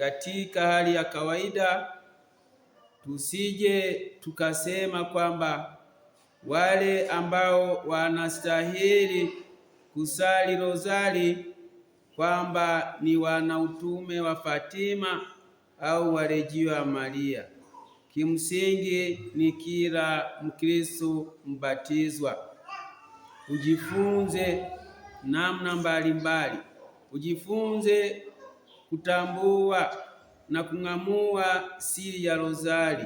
katika hali ya kawaida, tusije tukasema kwamba wale ambao wanastahili kusali rozari kwamba ni wanautume wa Fatima au warejiwa wa Maria. Kimsingi ni kila Mkristo mbatizwa ujifunze namna mbalimbali, ujifunze kutambua na kung'amua siri ya rozari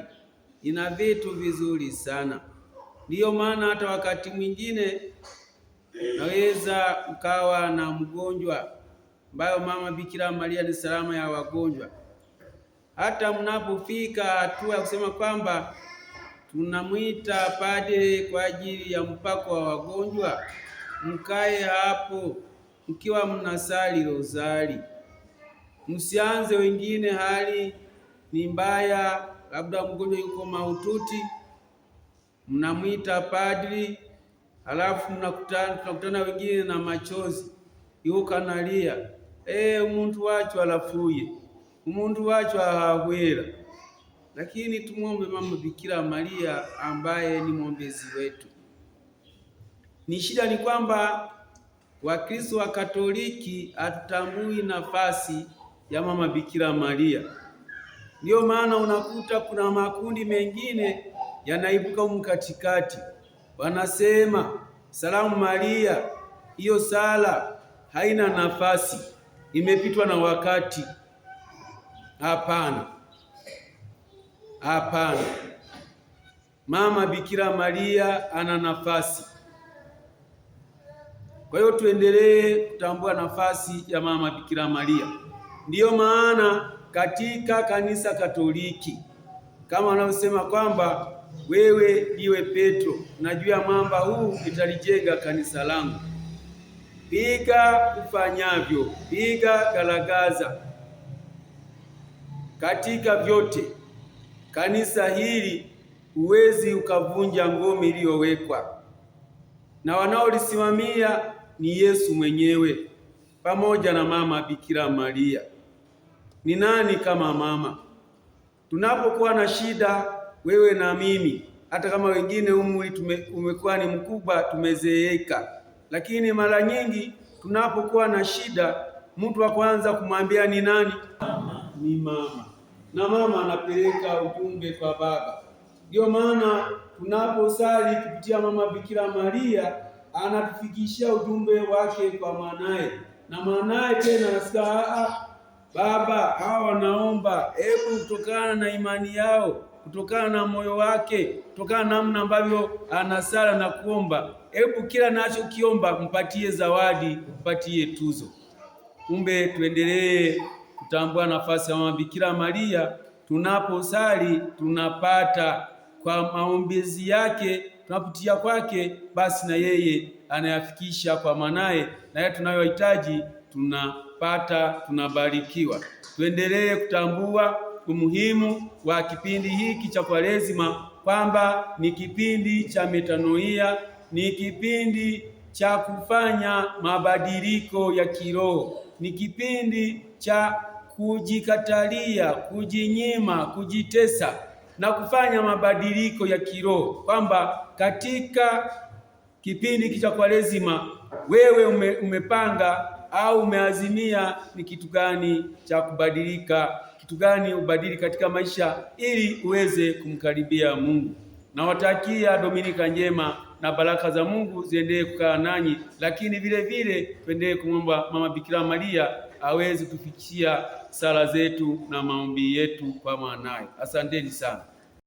ina vitu vizuri sana. Ndiyo maana hata wakati mwingine naweza ukawa na mgonjwa ambayo mama Bikira Maria ni salama ya wagonjwa. Hata mnapofika hatua ya kusema kwamba tunamwita padre kwa ajili ya mpako wa wagonjwa, mkae hapo mkiwa mnasali rozari msianze wengine, hali ni mbaya, labda mgonjwa yuko mahututi, mnamwita padri, halafu mnakutana tunakutana wengine na machozi, yuko kanalia, e, umuntu wacho alafuye, umuntu wacho ahahwera. Lakini tumwombe mama Bikira Maria ambaye ni mwombezi wetu. Ni shida ni kwamba Wakristo wa Katoliki hatutambui nafasi ya mama Bikira Maria. Ndiyo maana unakuta kuna makundi mengine yanaibuka humu katikati, wanasema salamu Maria, hiyo sala haina nafasi, imepitwa na wakati. Hapana, hapana, mama Bikira Maria ana nafasi. Kwa hiyo tuendelee kutambua nafasi ya mama Bikira Maria. Ndiyo maana katika kanisa Katoliki kama wanavyosema kwamba wewe iwe Petro na juu ya mwamba huu italijenga kanisa langu. Piga ufanyavyo, piga galagaza katika vyote. Kanisa hili huwezi ukavunja ngome iliyowekwa, na wanaolisimamia ni Yesu mwenyewe pamoja na mama Bikira Maria ni nani kama mama? Tunapokuwa na shida, wewe na mimi, hata kama wengine umri umekuwa ni mkubwa, tumezeeka, lakini mara nyingi tunapokuwa na shida, mtu wa kwanza kumwambia ni nani? Mama. Ni mama, na mama anapeleka ujumbe kwa baba. Ndiyo maana tunaposali kupitia mama Bikira Maria anatufikishia ujumbe wake kwa mwanaye, na mwanaye tena anasikia Baba, hawa wanaomba, hebu kutokana na imani yao, kutokana na moyo wake, kutokana na namna ambavyo anasala na kuomba, hebu kila nachokiomba mpatie zawadi, mpatie tuzo. Kumbe tuendelee kutambua nafasi ya Mama Bikira Maria. Tunaposali tunapata kwa maombezi yake, tunapitia kwake, basi na yeye anayafikisha kwa manaye, na yeye tunayohitaji tunapata tunabarikiwa. Tuendelee kutambua umuhimu wa kipindi hiki cha Kwaresima kwamba ni kipindi cha metanoia, ni kipindi cha kufanya mabadiliko ya kiroho, ni kipindi cha kujikatalia, kujinyima, kujitesa na kufanya mabadiliko ya kiroho, kwamba katika kipindi hiki cha Kwaresima wewe ume, umepanga au umeazimia ni kitu gani cha kubadilika, kitu gani ubadili katika maisha ili uweze kumkaribia Mungu. Nawatakia Dominika njema na baraka za Mungu ziendelee kukaa nanyi, lakini vile vile tuendelee kumwomba Mama Bikira Maria aweze kufikia sala zetu na maombi yetu kwa mwanaye. Asanteni sana.